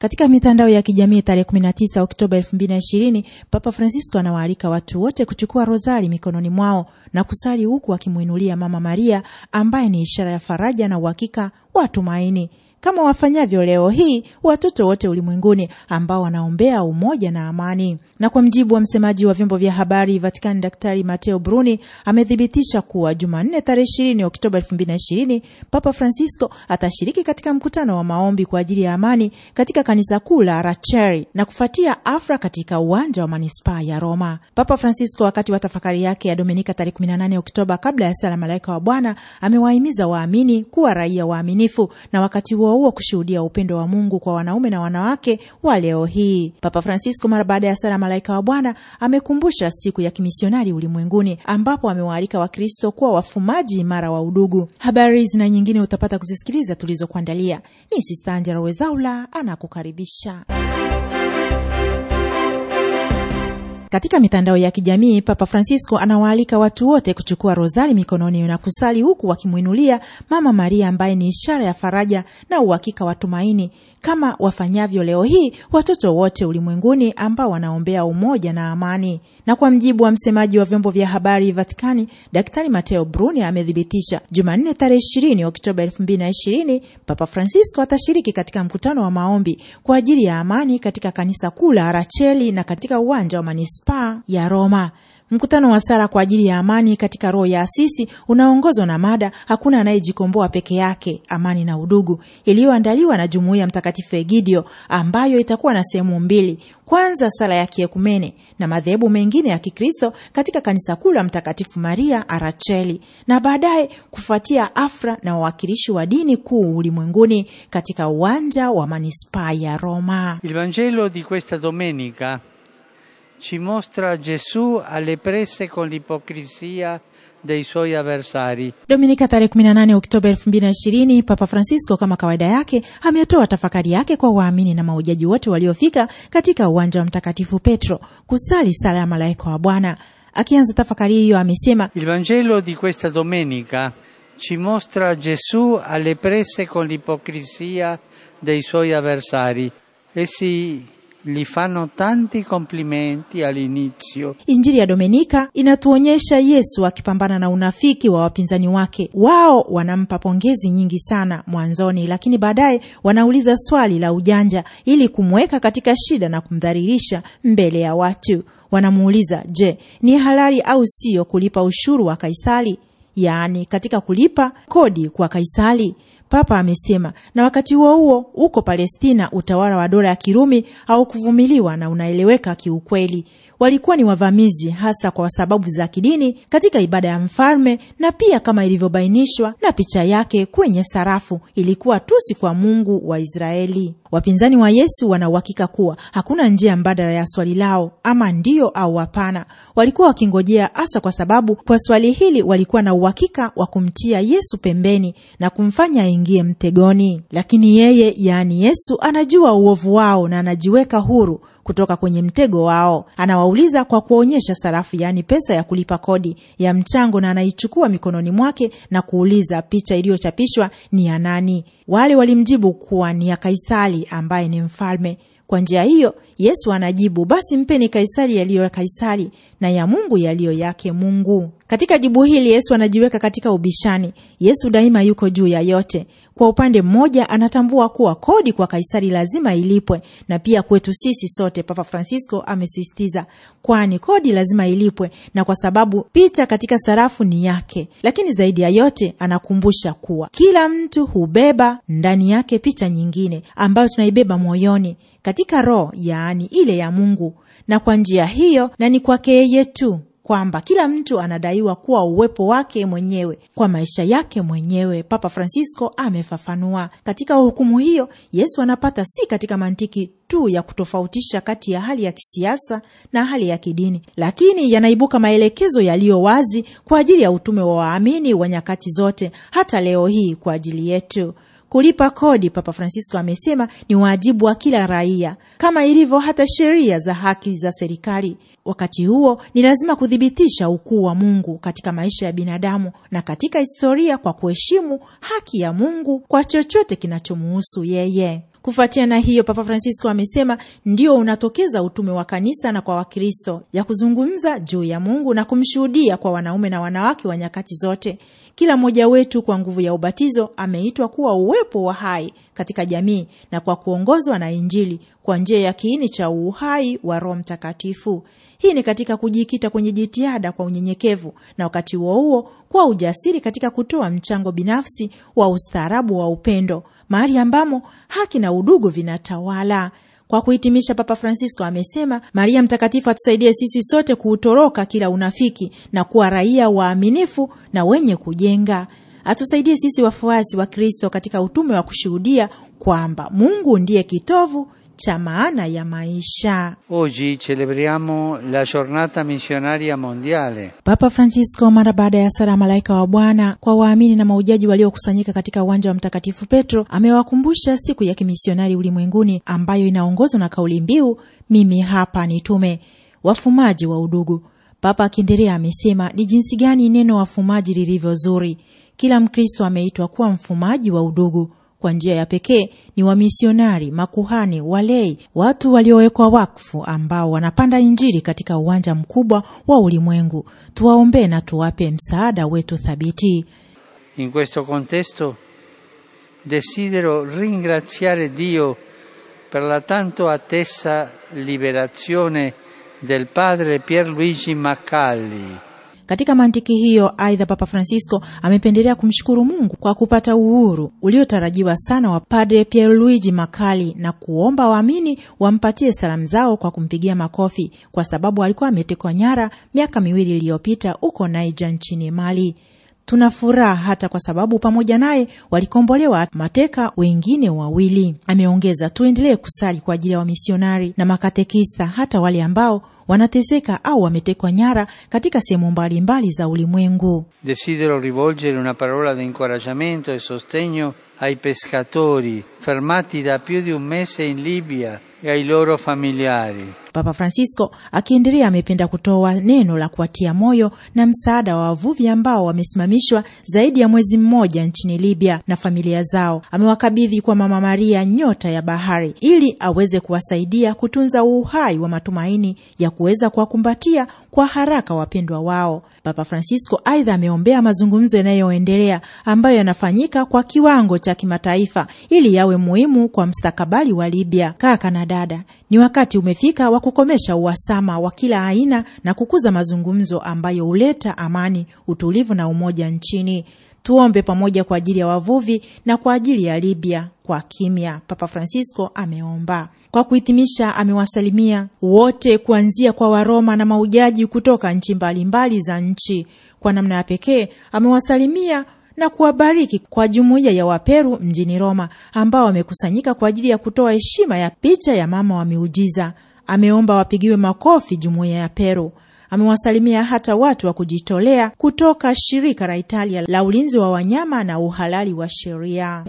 Katika mitandao ya kijamii tarehe 19 Oktoba 2020, Papa Francisco anawaalika watu wote kuchukua rozari mikononi mwao na kusali huku akimwinulia Mama Maria ambaye ni ishara ya faraja na uhakika wa tumaini kama wafanyavyo leo hii watoto wote ulimwenguni ambao wanaombea umoja na amani. Na kwa mjibu wa msemaji wa vyombo vya habari Vatikani, Daktari Mateo Bruni amethibitisha kuwa Jumanne tarehe 20 Oktoba 2020 Papa Francisco atashiriki katika mkutano wa maombi kwa ajili ya amani katika kanisa kuu la Racheri na kufuatia afra katika uwanja wa manispaa ya Roma. Papa Francisco wakati wa tafakari yake ya Dominika tarehe 18 Oktoba kabla ya sala Malaika wa Bwana amewahimiza waamini kuwa raia waaminifu na wakati huo huo huo kushuhudia upendo wa Mungu kwa wanaume na wanawake wa leo hii. Papa Francisco mara baada ya sala Malaika wa Bwana amekumbusha siku ya kimisionari ulimwenguni, ambapo amewaalika Wakristo kuwa wafumaji imara wa udugu. Habari zina na nyingine utapata kuzisikiliza tulizokuandalia. Ni Sista Angela Wezaula anakukaribisha. Katika mitandao ya kijamii, Papa Francisco anawaalika watu wote kuchukua rozari mikononi na kusali huku wakimwinulia Mama Maria ambaye ni ishara ya faraja na uhakika wa tumaini kama wafanyavyo leo hii watoto wote ulimwenguni ambao wanaombea umoja na amani. Na kwa mjibu wa msemaji wa vyombo vya habari Vatikani, Daktari Mateo Bruni amethibitisha Jumanne tarehe ishirini Oktoba ishirini Papa Francisco atashiriki katika mkutano wa maombi kwa ajili ya amani katika kanisa kuu la Araceli na katika uwanja wa manispaa ya Roma. Mkutano wa sara kwa ajili ya amani katika roho ya Asisi unaongozwa na mada hakuna anayejikomboa peke yake, amani na udugu, iliyoandaliwa na jumuiya Mtakatifu Egidio, ambayo itakuwa na sehemu mbili. Kwanza, sala ya kiekumene na madhehebu mengine ya Kikristo katika kanisa kuu la Mtakatifu Maria Aracheli, na baadaye kufuatia afra na wawakilishi wa dini kuu ulimwenguni katika uwanja wa manispaa ya Roma. Il Vangelo di questa domenica ci mostra Gesù alle prese con l'ipocrisia dei suoi avversari. Domenica tarehe 18 Oktoba 2020, Papa Francisco kama kawaida yake ametoa tafakari yake kwa waamini na maujaji wote waliofika katika uwanja wa Mtakatifu Petro kusali sala ya malaika wa Bwana. Akianza tafakari hiyo amesema, Il Vangelo di questa domenica ci mostra Gesù alle prese con l'ipocrisia dei suoi avversari. Essi gli fanno tanti complimenti all'inizio. Injili ya Domenika inatuonyesha Yesu akipambana na unafiki wa wapinzani wake. Wao wanampa pongezi nyingi sana mwanzoni, lakini baadaye wanauliza swali la ujanja ili kumweka katika shida na kumdhalilisha mbele ya watu. Wanamuuliza, je, ni halali au siyo kulipa ushuru wa Kaisari, yaani katika kulipa kodi kwa Kaisari? Papa amesema. Na wakati huo huo, huko Palestina utawala wa dola ya Kirumi haukuvumiliwa na unaeleweka kiukweli walikuwa ni wavamizi hasa kwa sababu za kidini katika ibada ya mfalme, na pia kama ilivyobainishwa na picha yake kwenye sarafu, ilikuwa tusi kwa Mungu wa Israeli. Wapinzani wa Yesu wana uhakika kuwa hakuna njia mbadala ya swali lao, ama ndiyo au hapana. Walikuwa wakingojea hasa kwa sababu kwa swali hili walikuwa na uhakika wa kumtia Yesu pembeni na kumfanya aingie mtegoni, lakini yeye, yaani Yesu, anajua uovu wao na anajiweka huru kutoka kwenye mtego wao. Anawauliza kwa kuonyesha sarafu, yaani pesa ya kulipa kodi ya mchango, na anaichukua mikononi mwake na kuuliza picha iliyochapishwa ni ya nani. Wale walimjibu kuwa ni ya Kaisari ambaye ni mfalme. Kwa njia hiyo Yesu anajibu, basi mpeni Kaisari yaliyo ya Kaisari na ya Mungu yaliyo yake Mungu. Katika jibu hili Yesu anajiweka katika ubishani. Yesu daima yuko juu ya yote. Kwa upande mmoja, anatambua kuwa kodi kwa Kaisari lazima ilipwe na pia kwetu sisi sote, Papa Francisco amesisitiza, kwani kodi lazima ilipwe na kwa sababu picha katika sarafu ni yake. Lakini zaidi ya yote, anakumbusha kuwa kila mtu hubeba ndani yake picha nyingine ambayo tunaibeba moyoni katika roho ya yaani yaani ile ya Mungu, na kwa njia hiyo na ni kwake yeye tu kwamba kila mtu anadaiwa kuwa uwepo wake mwenyewe kwa maisha yake mwenyewe. Papa Francisco amefafanua katika hukumu hiyo, Yesu anapata si katika mantiki tu ya kutofautisha kati ya hali ya kisiasa na hali ya kidini, lakini yanaibuka maelekezo yaliyo wazi kwa ajili ya utume wa waamini wa nyakati zote, hata leo hii kwa ajili yetu. Kulipa kodi, Papa Francisco amesema, ni wajibu wa kila raia, kama ilivyo hata sheria za haki za serikali. Wakati huo ni lazima kuthibitisha ukuu wa Mungu katika maisha ya binadamu na katika historia kwa kuheshimu haki ya Mungu kwa chochote kinachomuhusu yeye. Kufuatia na hiyo, Papa Francisco amesema ndio unatokeza utume wa kanisa na kwa Wakristo ya kuzungumza juu ya Mungu na kumshuhudia kwa wanaume na wanawake wa nyakati zote. Kila mmoja wetu kwa nguvu ya ubatizo ameitwa kuwa uwepo wa hai katika jamii na kwa kuongozwa na Injili kwa njia ya kiini cha uhai wa Roho Mtakatifu. Hii ni katika kujikita kwenye jitihada kwa unyenyekevu na wakati huo huo kwa ujasiri katika kutoa mchango binafsi wa ustaarabu wa upendo, mahali ambamo haki na udugu vinatawala. Kwa kuhitimisha, Papa Francisco amesema Maria Mtakatifu atusaidie sisi sote kuutoroka kila unafiki na kuwa raia waaminifu na wenye kujenga. Atusaidie sisi wafuasi wa Kristo katika utume wa kushuhudia kwamba Mungu ndiye kitovu cha maana ya maisha. Oggi celebriamo la giornata missionaria mondiale. Papa Francisco mara baada ya sala malaika wa Bwana kwa waamini na maujaji waliokusanyika katika uwanja wa Mtakatifu Petro amewakumbusha siku ya kimisionari ulimwenguni ambayo inaongozwa na kauli mbiu mimi hapa nitume, wafumaji wa udugu. Papa akiendelea amesema ni jinsi gani neno wafumaji lilivyo zuri. Kila Mkristo ameitwa kuwa mfumaji wa udugu kwa njia ya pekee ni wamisionari, makuhani, walei, watu waliowekwa wakfu ambao wanapanda Injili katika uwanja mkubwa wa ulimwengu. Tuwaombee na tuwape msaada wetu thabiti. In questo contesto desidero ringraziare Dio per la tanto attesa liberazione del padre Pierluigi Maccalli katika mantiki hiyo, aidha, Papa Francisco amependelea kumshukuru Mungu kwa kupata uhuru uliotarajiwa sana wa Padre Pierluigi Makali na kuomba waamini wampatie salamu zao kwa kumpigia makofi kwa sababu alikuwa ametekwa nyara miaka miwili iliyopita huko naija nchini Mali. Tuna furaha hata kwa sababu pamoja naye walikombolewa mateka wengine wawili. Ameongeza, tuendelee kusali kwa ajili ya wamisionari na makatekista, hata wale ambao wanateseka au wametekwa nyara katika sehemu mbalimbali za ulimwengu. Desidero rivolgere una parola di incoraggiamento e sostegno ai pescatori fermati da più di un mese in Libia e ai loro familiari Papa Francisco akiendelea amependa kutoa neno la kuwatia moyo na msaada wa wavuvi ambao wamesimamishwa zaidi ya mwezi mmoja nchini Libya na familia zao. Amewakabidhi kwa Mama Maria nyota ya bahari ili aweze kuwasaidia kutunza uhai wa matumaini ya kuweza kuwakumbatia kwa haraka wapendwa wao. Papa Francisco aidha ameombea mazungumzo yanayoendelea ambayo yanafanyika kwa kiwango cha kimataifa ili yawe muhimu kwa mstakabali wa Libya. Kaka na dada, ni wakati umefika wa kukomesha uhasama wa kila aina na kukuza mazungumzo ambayo huleta amani, utulivu na umoja nchini. Tuombe pamoja kwa ajili ya wavuvi na kwa ajili ya Libya kwa kimya, Papa Francisco ameomba. Kwa kuhitimisha, amewasalimia wote kuanzia kwa Waroma na maujaji kutoka nchi mbalimbali za nchi. Kwa namna ya pekee amewasalimia na kuwabariki kwa jumuiya ya Waperu mjini Roma ambao wamekusanyika kwa ajili ya kutoa heshima ya picha ya mama wa miujiza Ameomba wapigiwe makofi jumuiya ya Peru. Amewasalimia hata watu wa kujitolea kutoka shirika la Italia la ulinzi wa wanyama na uhalali wa sheria.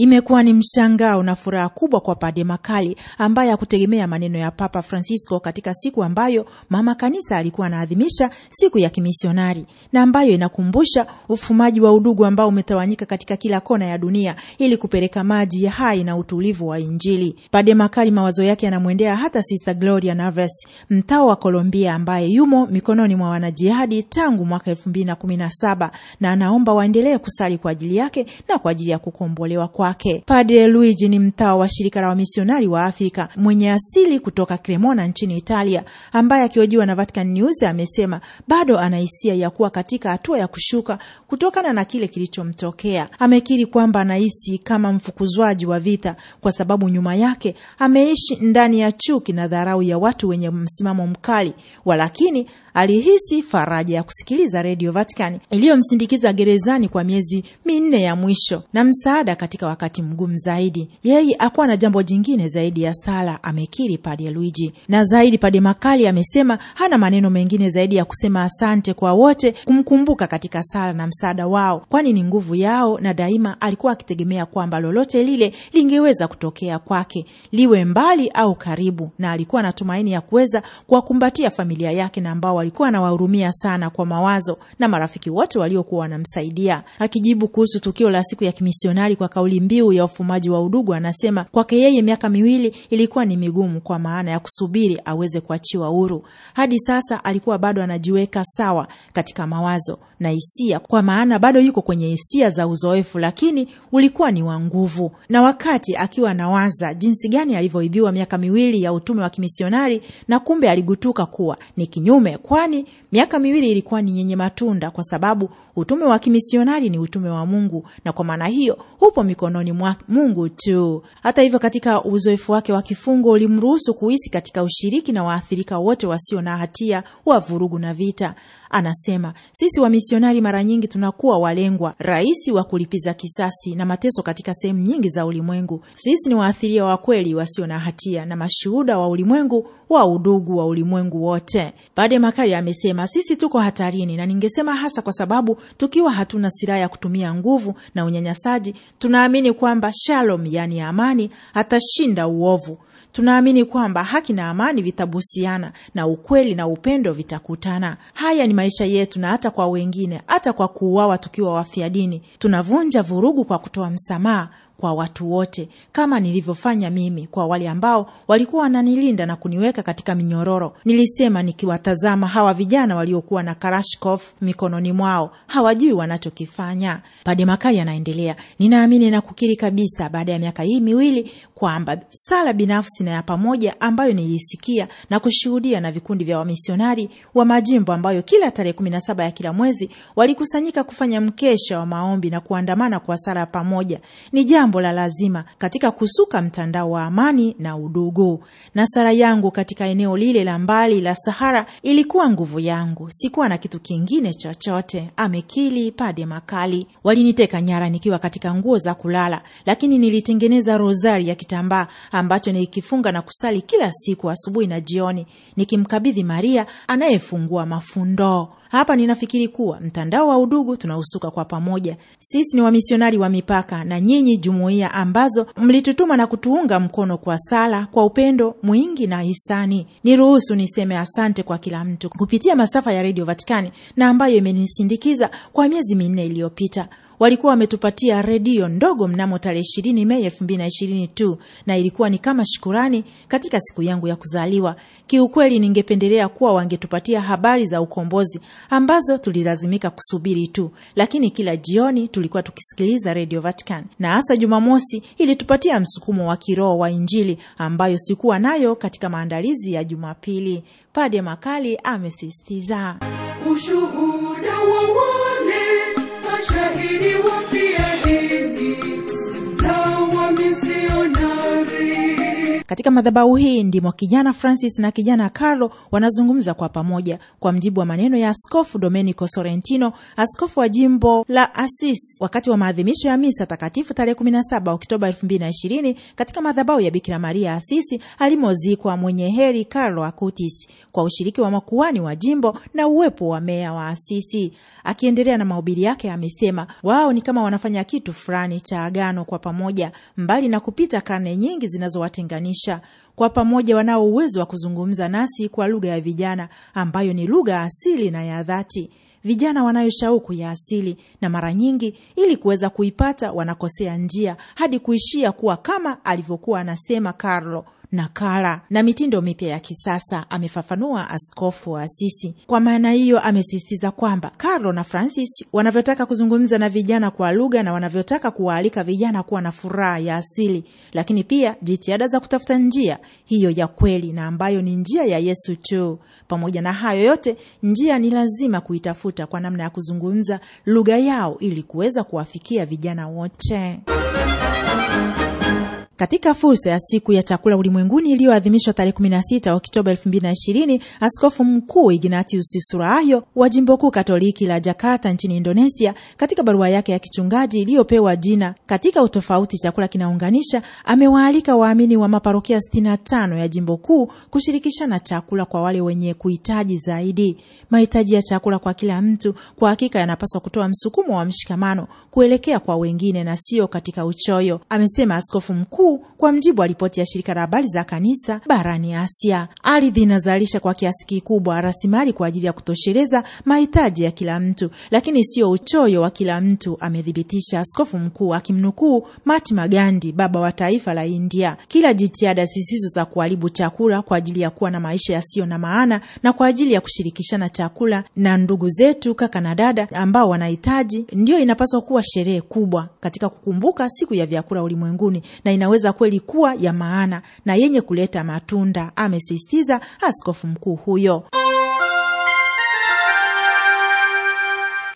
Imekuwa ni mshangao na furaha kubwa kwa pade Makali ambaye hakutegemea maneno ya Papa Francisco katika siku ambayo mama kanisa alikuwa anaadhimisha siku ya kimisionari na ambayo inakumbusha ufumaji wa udugu ambao umetawanyika katika kila kona ya dunia ili kupeleka maji ya hai na utulivu wa Injili. pade Makali, mawazo yake yanamwendea hata Sister Gloria Naves, mtao wa Colombia, ambaye yumo mikononi mwa wanajihadi tangu mwaka elfu mbili na kumi na saba na anaomba waendelee kusali kwa ajili yake na kwa ajili ya kukombolewa kwa wake. Padre Luigi ni mtawa wa shirika la wamisionari wa Afrika mwenye asili kutoka Cremona nchini Italia, ambaye akiojiwa na Vatican News amesema bado ana hisia ya kuwa katika hatua ya kushuka kutokana na kile kilichomtokea. Amekiri kwamba anahisi kama mfukuzwaji wa vita, kwa sababu nyuma yake ameishi ndani ya chuki na dharau ya watu wenye msimamo mkali, walakini alihisi faraja ya kusikiliza redio Vatican iliyomsindikiza gerezani kwa miezi minne ya mwisho na msaada katika wakati mgumu zaidi. Yeye akuwa na jambo jingine zaidi ya sala, amekiri Padre Luigi. Na zaidi Padre Makali amesema hana maneno mengine zaidi ya kusema asante kwa wote kumkumbuka katika sala na msaada wao, kwani ni nguvu yao, na daima alikuwa akitegemea kwamba lolote lile lingeweza kutokea kwake, liwe mbali au karibu, na alikuwa na tumaini ya kuweza kuwakumbatia familia yake na ambao walikuwa anawahurumia sana kwa mawazo na marafiki wote waliokuwa wanamsaidia. Akijibu kuhusu tukio la siku ya kimisionari kwa kauli mbiu ya ufumaji wa udugu, anasema kwake yeye miaka miwili ilikuwa ni migumu, kwa maana ya kusubiri aweze kuachiwa huru. Hadi sasa alikuwa bado anajiweka sawa katika mawazo na hisia, kwa maana bado yuko kwenye hisia za uzoefu, lakini ulikuwa ni wa nguvu. Na wakati akiwa anawaza jinsi gani alivyoibiwa miaka miwili ya utume wa kimisionari, na kumbe aligutuka kuwa ni kinyume, kwani miaka miwili ilikuwa ni yenye matunda, kwa sababu utume wa kimisionari ni utume wa Mungu, na kwa maana hiyo upo mikononi mwa Mungu tu. Hata hivyo, katika uzoefu wake wa kifungo ulimruhusu kuhisi katika ushiriki na waathirika wote wasio na hatia wa vurugu na vita. Anasema sisi wamisionari mara nyingi tunakuwa walengwa rahisi wa kulipiza kisasi na mateso katika sehemu nyingi za ulimwengu. Sisi ni waathiria wa kweli wasio na hatia na mashuhuda wa ulimwengu wa udugu wa ulimwengu wote. Baada Makari amesema sisi tuko hatarini, na ningesema hasa kwa sababu tukiwa hatuna silaha ya kutumia nguvu na unyanyasaji, tunaamini kwamba shalom, yaani amani, hatashinda uovu Tunaamini kwamba haki na amani vitabusiana na ukweli na upendo vitakutana. Haya ni maisha yetu, na hata kwa wengine, hata kwa kuuawa tukiwa wafia dini. Tunavunja vurugu kwa kutoa msamaha kwa watu wote, kama nilivyofanya mimi kwa wale ambao walikuwa wananilinda na kuniweka katika minyororo, nilisema nikiwatazama hawa vijana waliokuwa na Kalashnikov mikononi mwao, hawajui wanachokifanya. Pade Makari anaendelea, ninaamini na kukiri kabisa baada ya miaka hii miwili kwamba sala binafsi na ya pamoja ambayo nilisikia na kushuhudia na vikundi vya wamisionari wa majimbo ambayo kila tarehe kumi na saba ya kila mwezi walikusanyika kufanya mkesha wa maombi na kuandamana kwa sala pamoja ni jambo jambo la lazima katika kusuka mtandao wa amani na udugu. Na sara yangu katika eneo lile la mbali la Sahara ilikuwa nguvu yangu, sikuwa na kitu kingine chochote, amekili Pade Makali. Waliniteka nyara nikiwa katika nguo za kulala, lakini nilitengeneza rozari ya kitambaa ambacho nilikifunga na kusali kila siku asubuhi na jioni, nikimkabidhi Maria anayefungua mafundo. Hapa ninafikiri kuwa mtandao wa udugu tunahusuka kwa pamoja. Sisi ni wamisionari wa mipaka, na nyinyi jumuiya ambazo mlitutuma na kutuunga mkono kwa sala, kwa upendo mwingi na hisani. Niruhusu niseme asante kwa kila mtu kupitia masafa ya redio Vatikani na ambayo imenisindikiza kwa miezi minne iliyopita walikuwa wametupatia redio ndogo mnamo tarehe ishirini Mei elfu mbili na ishirini tu, na ilikuwa ni kama shukurani katika siku yangu ya kuzaliwa. Kiukweli ningependelea kuwa wangetupatia habari za ukombozi ambazo tulilazimika kusubiri tu, lakini kila jioni tulikuwa tukisikiliza redio Vatican, na hasa Jumamosi ilitupatia msukumo wa kiroho wa Injili ambayo sikuwa nayo katika maandalizi ya Jumapili. Pade Makali amesisitiza ushuhuda wa Katika madhabahu hii ndimo kijana Francis na kijana Carlo wanazungumza kwa pamoja, kwa mjibu wa maneno ya Askofu Domenico Sorrentino, askofu wa jimbo la Asisi, wakati wa maadhimisho ya misa takatifu tarehe 17 Oktoba 2020 katika madhabahu ya Bikira Maria Asisi alimozikwa mwenye heri Carlo Acutis, kwa ushiriki wa makuani wa jimbo na uwepo wa meya wa Asisi. Akiendelea na mahubiri yake, amesema wao ni kama wanafanya kitu fulani cha agano kwa pamoja, mbali na kupita karne nyingi zinazowatenganisha kwa pamoja wanao uwezo wa kuzungumza nasi kwa lugha ya vijana ambayo ni lugha asili na ya dhati. Vijana wanayo shauku ya asili, na mara nyingi ili kuweza kuipata wanakosea njia hadi kuishia kuwa kama alivyokuwa anasema Carlo nakala na mitindo mipya ya kisasa, amefafanua askofu wa Asisi. Kwa maana hiyo, amesisitiza kwamba Carlo na Francis wanavyotaka kuzungumza na vijana kwa lugha na wanavyotaka kuwaalika vijana kuwa na furaha ya asili, lakini pia jitihada za kutafuta njia hiyo ya kweli na ambayo ni njia ya Yesu tu. Pamoja na hayo yote, njia ni lazima kuitafuta kwa namna ya kuzungumza lugha yao ili kuweza kuwafikia vijana wote. Katika fursa ya siku ya chakula ulimwenguni iliyoadhimishwa tarehe 16 Oktoba 2020, Askofu Mkuu Ignatius Surahyo wa jimbo kuu Katoliki la Jakarta nchini Indonesia, katika barua yake ya kichungaji iliyopewa jina katika utofauti chakula kinaunganisha, amewaalika waamini wa maparokia 65 ya jimbo kuu kushirikishana chakula kwa wale wenye kuhitaji zaidi. Mahitaji ya chakula kwa kila mtu kwa hakika yanapaswa kutoa msukumo wa mshikamano kuelekea kwa wengine na sio katika uchoyo, amesema Askofu Mkuu huu kwa mjibu wa ripoti ya shirika la habari za kanisa barani Asia. Ardhi inazalisha kwa kiasi kikubwa rasilimali kwa ajili ya kutosheleza mahitaji ya kila mtu, lakini sio uchoyo wa kila mtu, amethibitisha askofu mkuu akimnukuu Mahatma Gandhi, baba wa taifa la India. Kila jitihada zisizo za kuharibu chakula kwa ajili ya kuwa na maisha yasiyo na maana na kwa ajili ya kushirikishana chakula na ndugu zetu, kaka na dada ambao wanahitaji, ndiyo inapaswa kuwa sherehe kubwa katika kukumbuka siku ya vyakula ulimwenguni na inaweza yanaweza kweli kuwa ya maana na yenye kuleta matunda, amesisitiza askofu mkuu huyo.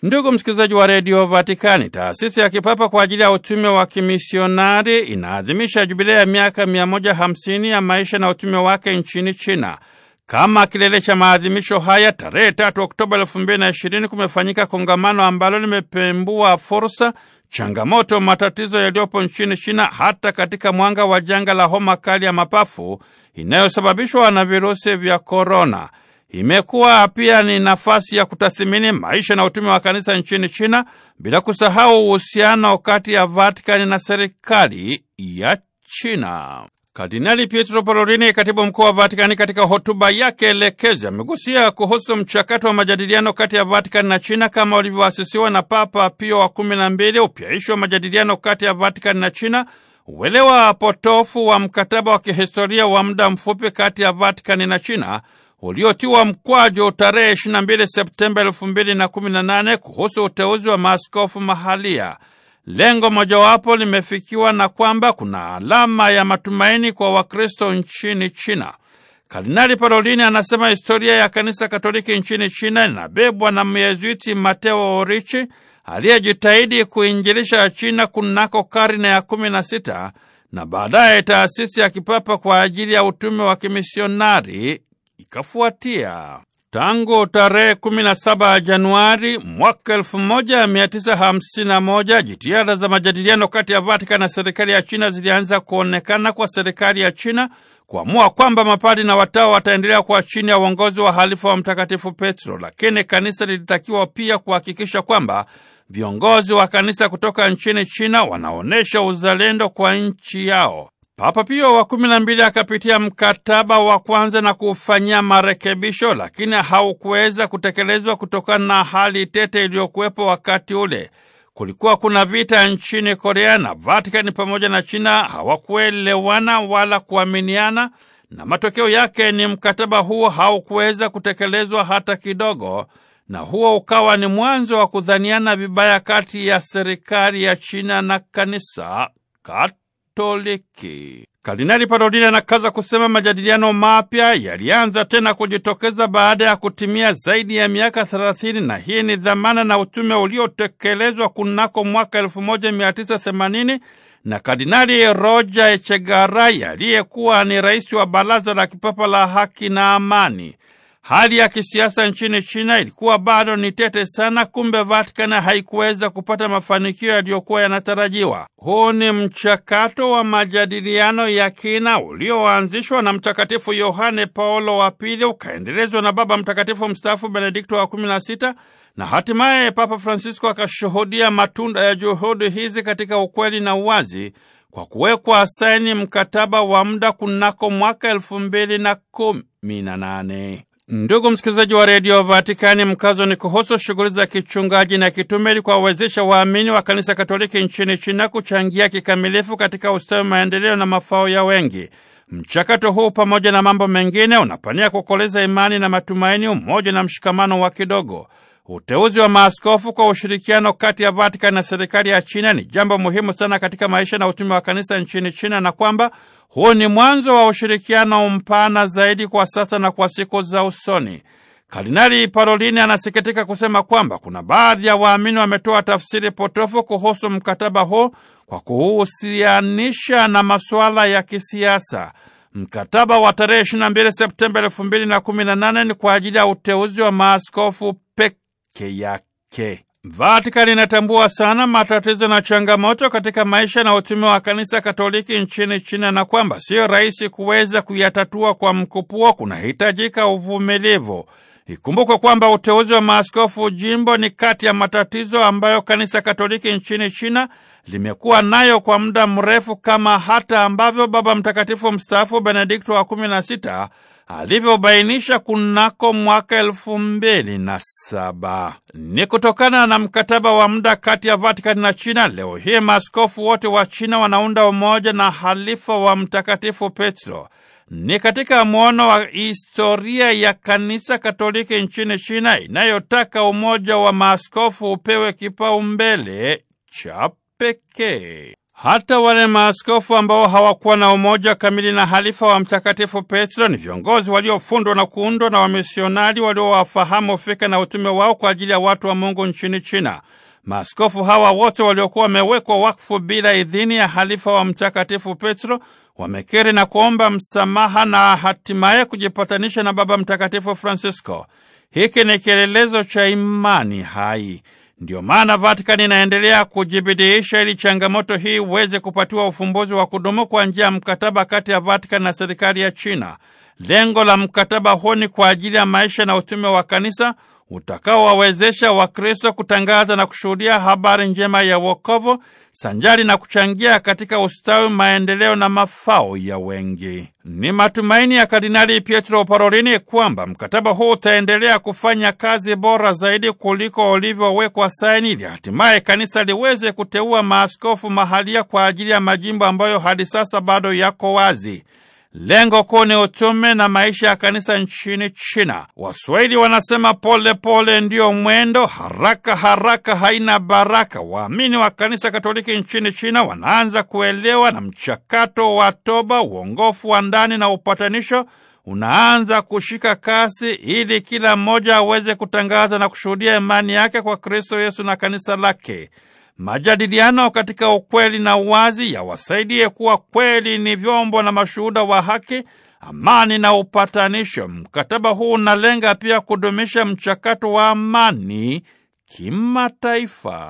Ndugu msikilizaji wa redio Vatikani, taasisi ya kipapa kwa ajili ya utume wa kimisionari inaadhimisha jubilea ya miaka 150 ya maisha na utume wake nchini China. Kama kilele cha maadhimisho haya, tarehe 3 Oktoba 2020 kumefanyika kongamano ambalo limepembua fursa changamoto, matatizo yaliyopo nchini China, hata katika mwanga wa janga la homa kali ya mapafu inayosababishwa na virusi vya korona. Imekuwa pia ni nafasi ya kutathimini maisha na utume wa kanisa nchini China, bila kusahau uhusiano kati ya Vatikani na serikali ya China. Kardinali Pietro Parolini, katibu mkuu wa Vatikani, katika hotuba yake elekezi amegusia kuhusu mchakato wa majadiliano kati ya Vatikani na China kama ulivyoasisiwa na Papa Pio wa kumi na mbili, upyaishi wa majadiliano kati ya Vatikani na China, uelewa potofu wa mkataba wa kihistoria wa muda mfupi kati ya Vatikani na China uliotiwa mkwaju tarehe 22 Septemba 2018 kuhusu uteuzi wa maaskofu mahalia. Lengo mojawapo limefikiwa na kwamba kuna alama ya matumaini kwa Wakristo nchini China. Kardinali Parolini anasema historia ya kanisa Katoliki nchini China inabebwa na Myezuiti Mateo Orichi aliyejitahidi kuinjilisha China kunako karne ya kumi na sita na baadaye taasisi ya kipapa kwa ajili ya utume wa kimisionari ikafuatia. Tangu tarehe 17 Januari mwaka 1951 jitihada za majadiliano kati ya Vatikani na serikali ya China zilianza kuonekana kwa serikali ya China kuamua kwamba mapadi na watawa wataendelea kuwa chini ya uongozi wa halifa wa Mtakatifu Petro, lakini kanisa lilitakiwa pia kuhakikisha kwamba viongozi wa kanisa kutoka nchini China wanaonyesha uzalendo kwa nchi yao. Papa Pio wa kumi na mbili akapitia mkataba wa kwanza na kuufanyia marekebisho, lakini haukuweza kutekelezwa kutokana na hali tete iliyokuwepo wakati ule. Kulikuwa kuna vita nchini Korea na Vatikani pamoja na China hawakuelewana wala kuaminiana, na matokeo yake ni mkataba huo haukuweza kutekelezwa hata kidogo, na huo ukawa ni mwanzo wa kudhaniana vibaya kati ya serikali ya China na kanisa kat Katoliki. Kardinali Parolini anakaza kusema majadiliano mapya yalianza tena kujitokeza baada ya kutimia zaidi ya miaka thelathini, na hii ni dhamana na utume uliotekelezwa kunako mwaka 1980 na Kardinali Roger Echegaray aliyekuwa ni rais wa Baraza la Kipapa la Haki na Amani. Hali ya kisiasa nchini China ilikuwa bado ni tete sana. Kumbe Vatican haikuweza kupata mafanikio yaliyokuwa yanatarajiwa. Huu ni mchakato wa majadiliano ya kina ulioanzishwa na Mtakatifu Yohane Paulo wa Pili, ukaendelezwa na Baba Mtakatifu mstaafu Benedikto wa kumi na sita na hatimaye Papa Francisco akashuhudia matunda ya juhudi hizi katika ukweli na uwazi kwa kuwekwa saini mkataba wa muda kunako mwaka elfu mbili na kumi na nane. Ndugu msikilizaji wa redio Vatikani, mkazo ni kuhusu shughuli za kichungaji na kitume ili kuwawezesha waamini wa kanisa Katoliki nchini China kuchangia kikamilifu katika ustawi, maendeleo na mafao ya wengi. Mchakato huu pamoja na mambo mengine unapania kukoleza imani na matumaini, umoja na mshikamano wa kidogo. Uteuzi wa maaskofu kwa ushirikiano kati ya Vatikani na serikali ya China ni jambo muhimu sana katika maisha na utume wa kanisa nchini China na kwamba huu ni mwanzo wa ushirikiano mpana zaidi kwa sasa na kwa siku za usoni. Kardinali Parolini anasikitika kusema kwamba kuna baadhi ya waamini wametoa tafsiri potofu kuhusu mkataba huu kwa kuhusianisha na masuala ya kisiasa. Mkataba wa tarehe 22 Septemba 2018 ni kwa ajili ya uteuzi wa maaskofu peke yake. Vatikani inatambua sana matatizo na changamoto katika maisha na utume wa kanisa Katoliki nchini China na kwamba sio rahisi kuweza kuyatatua kwa mkupuo, kunahitajika uvumilivu. Ikumbukwe kwamba uteuzi wa maaskofu jimbo ni kati ya matatizo ambayo kanisa Katoliki nchini China limekuwa nayo kwa muda mrefu, kama hata ambavyo Baba Mtakatifu mstaafu Benedikto wa 16 alivyobainisha kunako mwaka elfu mbili na saba. Ni kutokana na mkataba wa muda kati ya Vatikani na China, leo hii maaskofu wote wa China wanaunda umoja na halifa wa Mtakatifu Petro ni katika mwono wa historia ya kanisa Katoliki nchini China inayotaka umoja wa maaskofu upewe kipaumbele cha pekee. Hata wale maaskofu ambao hawakuwa na umoja kamili na halifa wa Mtakatifu Petro ni viongozi waliofundwa na kuundwa na wamisionari waliowafahamu fika na utume wao kwa ajili ya watu wa Mungu nchini China. Maaskofu hawa wote waliokuwa wamewekwa wakfu bila idhini ya halifa wa Mtakatifu Petro wamekiri na kuomba msamaha na hatimaye kujipatanisha na Baba Mtakatifu Francisco. Hiki ni kielelezo cha imani hai. Ndiyo maana Vatican inaendelea kujibidiisha ili changamoto hii iweze kupatiwa ufumbuzi wa kudumu kwa njia ya mkataba kati ya vatican na serikali ya China. Lengo la mkataba huo ni kwa ajili ya maisha na utume wa kanisa utakaowawezesha Wakristo kutangaza na kushuhudia habari njema ya wokovu sanjari na kuchangia katika ustawi, maendeleo na mafao ya wengi. Ni matumaini ya Kardinali Pietro Parolini kwamba mkataba huu utaendelea kufanya kazi bora zaidi kuliko ulivyowekwa saini, ili hatimaye kanisa liweze kuteua maaskofu mahalia kwa ajili ya majimbo ambayo hadi sasa bado yako wazi. Lengo kuu ni utume na maisha ya kanisa nchini China. Waswahili wanasema pole pole ndiyo mwendo, haraka haraka haina baraka. Waamini wa kanisa Katoliki nchini China wanaanza kuelewa na mchakato wa toba, uongofu wa ndani na upatanisho unaanza kushika kasi ili kila mmoja aweze kutangaza na kushuhudia imani yake kwa Kristo Yesu na kanisa lake majadiliano katika ukweli na uwazi yawasaidie kuwa kweli ni vyombo na mashuhuda wa haki, amani na upatanisho. Mkataba huu unalenga pia kudumisha mchakato wa amani kimataifa.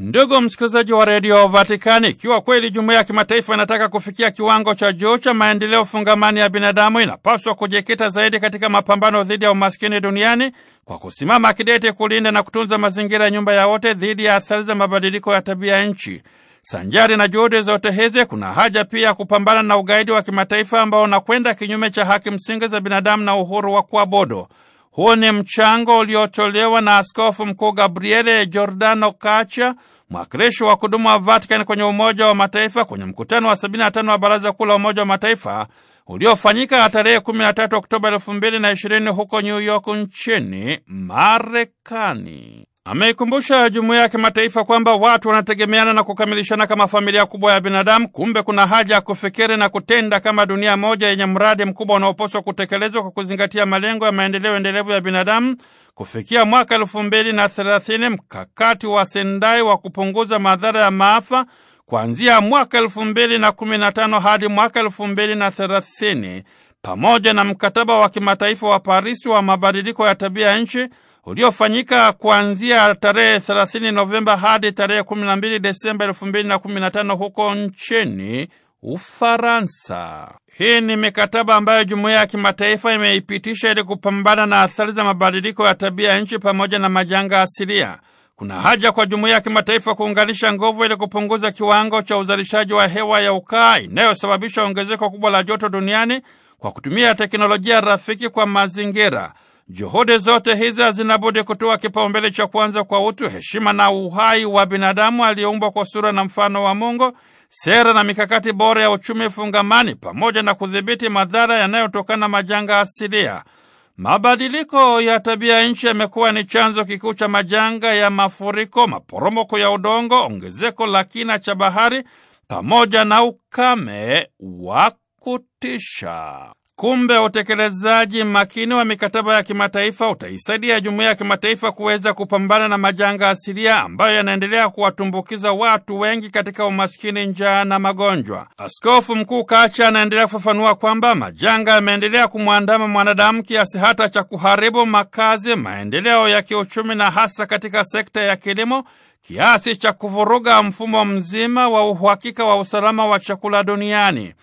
Ndugu msikilizaji wa redio Vatikani, ikiwa kweli jumuiya ya kimataifa inataka kufikia kiwango cha juu cha maendeleo fungamani ya binadamu, inapaswa kujikita zaidi katika mapambano dhidi ya umaskini duniani kwa kusimama kidete kulinda na kutunza mazingira ya nyumba ya wote dhidi ya athari za mabadiliko ya tabia ya nchi. Sanjari na juhudi zote hizi, kuna haja pia ya kupambana na ugaidi wa kimataifa ambao unakwenda kinyume cha haki msingi za binadamu na uhuru wa kuabudu. Huu ni mchango uliotolewa na Askofu Mkuu Gabriele Giordano Kacha mwakilishi wa kudumu wa Vatikani kwenye Umoja wa Mataifa kwenye mkutano wa 75 wa Baraza Kuu la Umoja wa Mataifa uliofanyika tarehe 13 Oktoba 2020 huko New York nchini Marekani. Ameikumbusha jumuiya ya kimataifa kwamba watu wanategemeana na kukamilishana kama familia kubwa ya binadamu. Kumbe kuna haja ya kufikiri na kutenda kama dunia moja yenye mradi mkubwa unaopaswa kutekelezwa kwa kuzingatia malengo ya maendeleo endelevu ya binadamu kufikia mwaka elfu mbili na thelathini, mkakati wa Sendai wa kupunguza madhara ya maafa kuanzia mwaka elfu mbili na kumi na tano hadi mwaka elfu mbili na thelathini, pamoja na mkataba wa kimataifa wa Parisi wa mabadiliko ya tabia nchi uliofanyika kuanzia tarehe 30 Novemba hadi tarehe 12 Desemba 2015 huko nchini Ufaransa. Hii ni mikataba ambayo jumuiya ya kimataifa imeipitisha ili kupambana na athari za mabadiliko ya tabia nchi pamoja na majanga asilia. Kuna haja kwa jumuiya ya kimataifa kuunganisha nguvu ili kupunguza kiwango cha uzalishaji wa hewa ya ukaa inayosababisha ongezeko kubwa la joto duniani kwa kutumia teknolojia rafiki kwa mazingira. Juhudi zote hizi hazinabudi kutoa kipaumbele cha kwanza kwa utu, heshima na uhai wa binadamu aliyeumbwa kwa sura na mfano wa Mungu, sera na mikakati bora ya uchumi fungamani, pamoja na kudhibiti madhara yanayotokana majanga asilia. Mabadiliko ya tabia nchi yamekuwa ni chanzo kikuu cha majanga ya mafuriko, maporomoko ya udongo, ongezeko la kina cha bahari pamoja na ukame wa kutisha. Kumbe utekelezaji makini wa mikataba ya kimataifa utaisaidia jumuiya ya kimataifa kuweza kupambana na majanga asilia ambayo yanaendelea kuwatumbukiza watu wengi katika umaskini, njaa na magonjwa. Askofu Mkuu Kacha anaendelea kufafanua kwamba majanga yameendelea kumwandama mwanadamu kiasi hata cha kuharibu makazi, maendeleo ya kiuchumi na hasa katika sekta ya kilimo kiasi cha kuvuruga mfumo mzima wa uhakika wa usalama wa chakula duniani.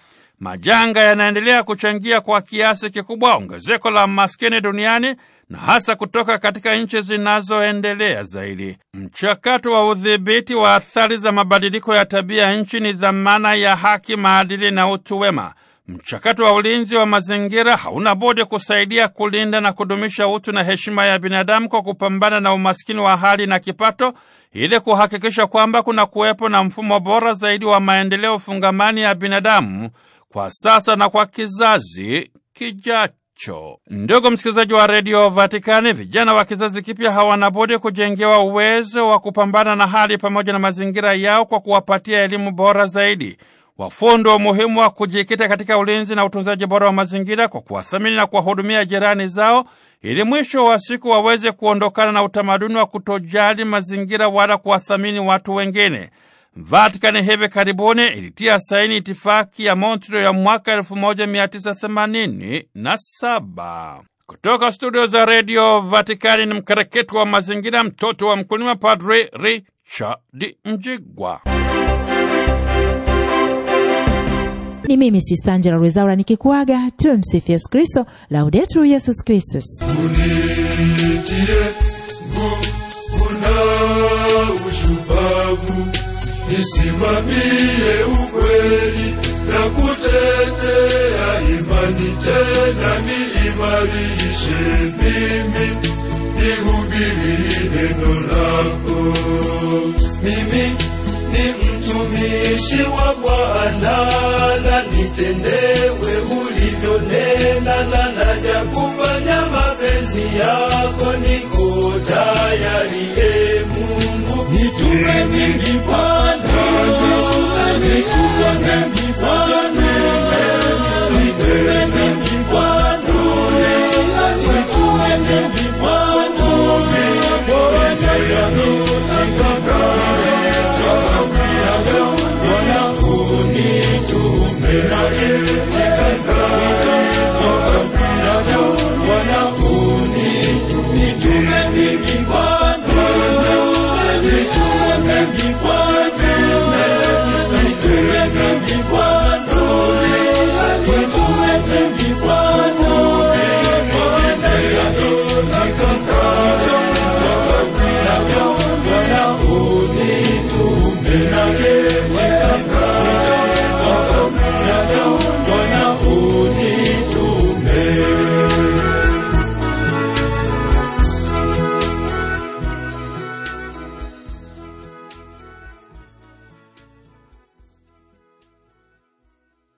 Majanga yanaendelea kuchangia kwa kiasi kikubwa ongezeko la maskini duniani na hasa kutoka katika nchi zinazoendelea zaidi. Mchakato wa udhibiti wa athari za mabadiliko ya tabia nchi ni dhamana ya haki, maadili na utu wema. Mchakato wa ulinzi wa mazingira hauna budi kusaidia kulinda na kudumisha utu na heshima ya binadamu kwa kupambana na umaskini wa hali na kipato ili kuhakikisha kwamba kuna kuwepo na mfumo bora zaidi wa maendeleo fungamani ya binadamu kwa sasa na kwa kizazi kijacho. Ndugu msikilizaji wa redio Vatikani, vijana wa kizazi kipya hawana budi kujengewa uwezo wa kupambana na hali pamoja na mazingira yao kwa kuwapatia elimu bora zaidi wafundwa umuhimu wa kujikita katika ulinzi na utunzaji bora wa mazingira kwa kuwathamini na kuwahudumia jirani zao, ili mwisho wa siku waweze kuondokana na utamaduni wa kutojali mazingira wala kuwathamini watu wengine. Vatikani hivi karibuni ilitia saini itifaki ya Montreal ya mwaka 1987. Kutoka studio za redio Vatikani ni mkereketo wa mazingira, mtoto wa mkulima, Padre Richard Mjigwa. Ni mimi Sistanjela Rwezaura nikikuaga. Tumsifu Yesu Kristo, Laudetur Yesus Kristus. Unitie nguvu na ushupavu nisimamie ukweli na kutetea imani, tena niimarishe mimi, nihubiri neno lako. Mimi ni mtumishi wa Bwana, na nitendewe ulivyonena, na naja kufanya mapenzi yako, niko tayari e Nitume mikono,